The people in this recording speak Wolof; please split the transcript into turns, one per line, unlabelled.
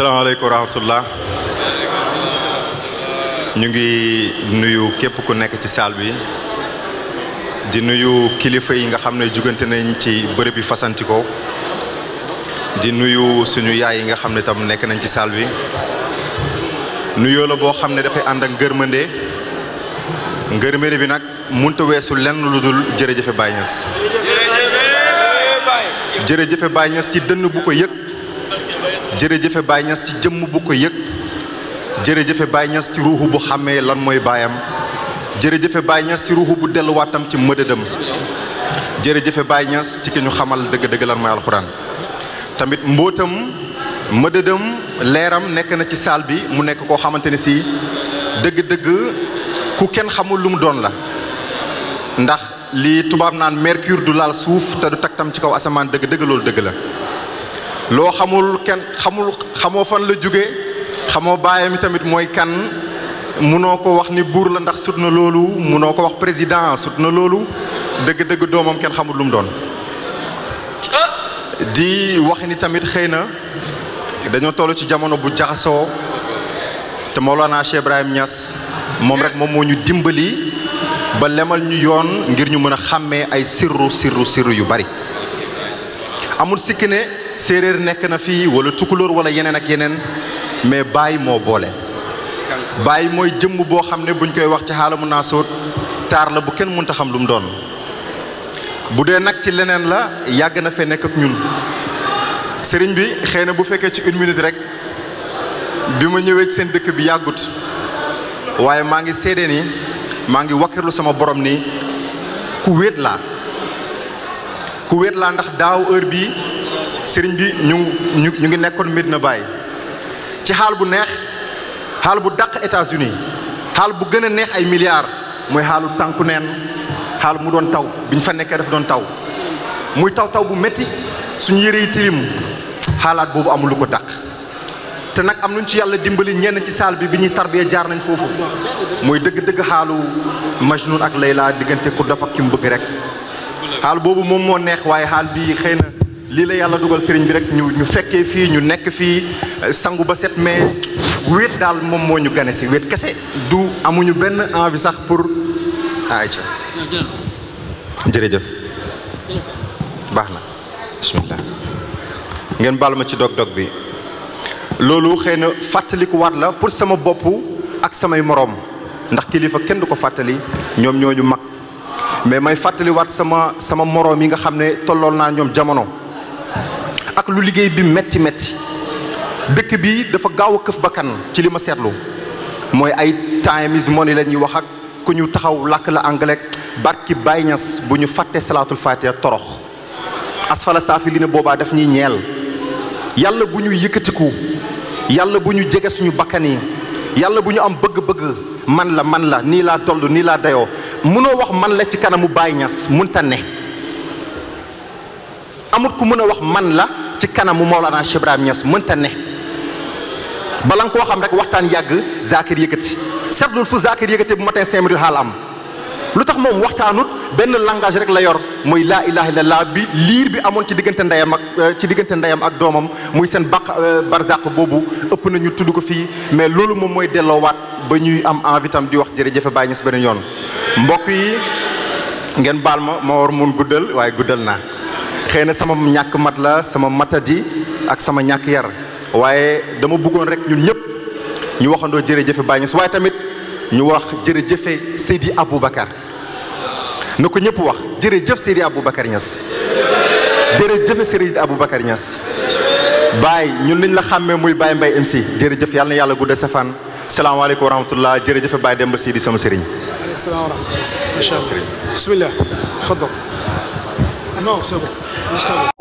asalaamaaleykum wa rahmatullah ñu ngi nuyu képp ku nekk ci saal bi di nuyu kilifa yi nga xam ne jugante nañ ci bërëb yi fasantikoo di nuyu suñu yaay yi nga xam ne tam nekk nañ ci saal bi nuyoo la boo xam ne dafay ànd ak ngërmande ngërmande bi nag munta weesu lenn lu dul jërëjëfe Baye Niass jërëjëfe Baye Niass ci dënn bu ko yëg jërëjëfe Baye Niass ci jëmm bu ko yëg jërëjëfe Baye Niass ci ruuxu bu xàmmee lan mooy baayam jërëjëfe Baye Niass ci ruuxu bu delluwaatam ci mëdëdam jërëjëfe Baye Niass ci ki ñu xamal dëgg-dëgg lan mooy alxuraan tamit mbootam mëdëdam leeram nekk na ci saal bi mu nekk koo xamante ne si dëgg-dëgg ku kenn xamul lu mu doon la ndax li tubaab naan mercure du laal suuf te du tam ci kaw asamaan dëgg dëgg loolu dëgg la loo xamul kenn xamul xamoo fan la jóge xamoo baayam tamit mooy kan munoo ko wax ni buur la ndax sut na loolu munoo ko wax président sut na loolu dëgg-dëgg doomam kenn xamul lu doon di wax ni tamit xëy na dañoo toll ci jamono bu jaxasoo te Mawlana Cheikh Ibrahim ñas moom rek moom moo ñu dimbali ba lemal ñu yoon ngir ñu mën a xàmmee ay sirru sirru sirru yu bari amul sikk ne séeréer nekk na fii wala tukulóor wala yeneen ak yeneen mais baay moo boole baay mooy jëmm boo xam ne buñ koy wax ci xaalamu naasóot taar la bu kenn mënta xam lu mu doon bu dee nag ci leneen la yàgg na fee nekk ñun sëriñ bi xëy na bu fekkee ci une minute rek bi ma ñëwee ci seen dëkk bi yàggut waaye maa ngi seede ni maa ngi wakkirlu sama borom ni ku wéet laa ku wéet laa ndax daaw heure bii sëriñ bi ñu ñu ñu ngi nekkoon Medina Baye ci xaal bu neex xaal bu daq États-Unis xaal bu gën a neex ay milliards mooy xaalu tànku neen xaal mu doon taw bi ñu fa nekkee dafa doon taw muy taw taw bu métti suñu yére yi tilim xaalaat boobu amul lu ko dàq te nag am nañ ci yàlla dimbali ñenn ci saal bi bi ñuy tarbiyee jaar nañ foofu mooy dëgg-dëgg xaalu Majnun ak Layla diggante ku dafa ki mu bëgg rek xaal boobu moom moo neex waaye xaal bi xëy na lii la yàlla dugal sëriñ bi rek ñu ñu fekkee fii ñu nekk fii euh, sangu ba set mais wéet daal moom moo ñu gane si wéet kese du amuñu benn envie sax pour aca jërëjëf baax na ngeen baal ma ci dog-dog bi loolu xëy na fàttalikuwaat la pour sama bopp ak samay moroom ndax kilifa kenn du ko fàttali ñoom ñooñu mag mais may fàttaliwaat sama sama moroom yi nga xam ne tollool naa ñoom jamono ak lu liggéey bi metti metti dëkk bi dafa gaaw a këf bakkan ci li ma seetlu mooy ay time is money la wax ak ku ñu taxaw làkk la anglais barki Baay Ñas bu ñu fàtte salaatul faatiha torox asfala saafi li ne boobaa def ñuy ñeel yàlla bu ñu yëkkatiku yàlla bu ñu jege suñu bakkan yi yàlla bu ñu am bëgg-bëgg man la man la nii laa toll nii laa dayoo mënoo wax man la ci kanamu Baay Ñas munta ne amut ku mën a wax man la ci kanamu Mawlana Cheikh Ibrahim Niass mënta ne bala koo xam rek waxtaan yàgg Zakir yëkkati seetlul fu Zakir yëkkati bu matin cinq minutes xaal am lu tax moom waxtaanut benn langage rek la yor muy laa ilaha illallah bi liir bi amoon ci diggante ndeyam ak euh, ci diggante ndeyam ak doomam muy seen baq euh, barzaq boobu ëpp na ñu tudd ko fii mais loolu moom mooy delloowaat ba ñuy am envie tam di wax jërëjëf Baye Niass beneen yoon mbokk yi ngeen baal ma ma war mun guddal waaye guddal naa. xëy na sama ñàkk mat la sama matadi ak sama ñàkk yar waaye dama buggoon rek ñun ñëpp ñu waxandoo jërëjëfe Baye Niass waaye tamit ñu wax jërëjëfe Seydi Aboubacar na ko ñëpp wax jërëjëf Seydi Aboubacar Niass jërëjëfe Seydi Aboubacar Niass Baye ñun liñ la xàmmee muy Baye Mbaye MC jërëjëf yàlla na yàlla guddal sa fan salaamaaleykum wa rahmatullah jërëjëfe Baye Demba Seydi sama sëriñ. bismillah. Non, c'est bon.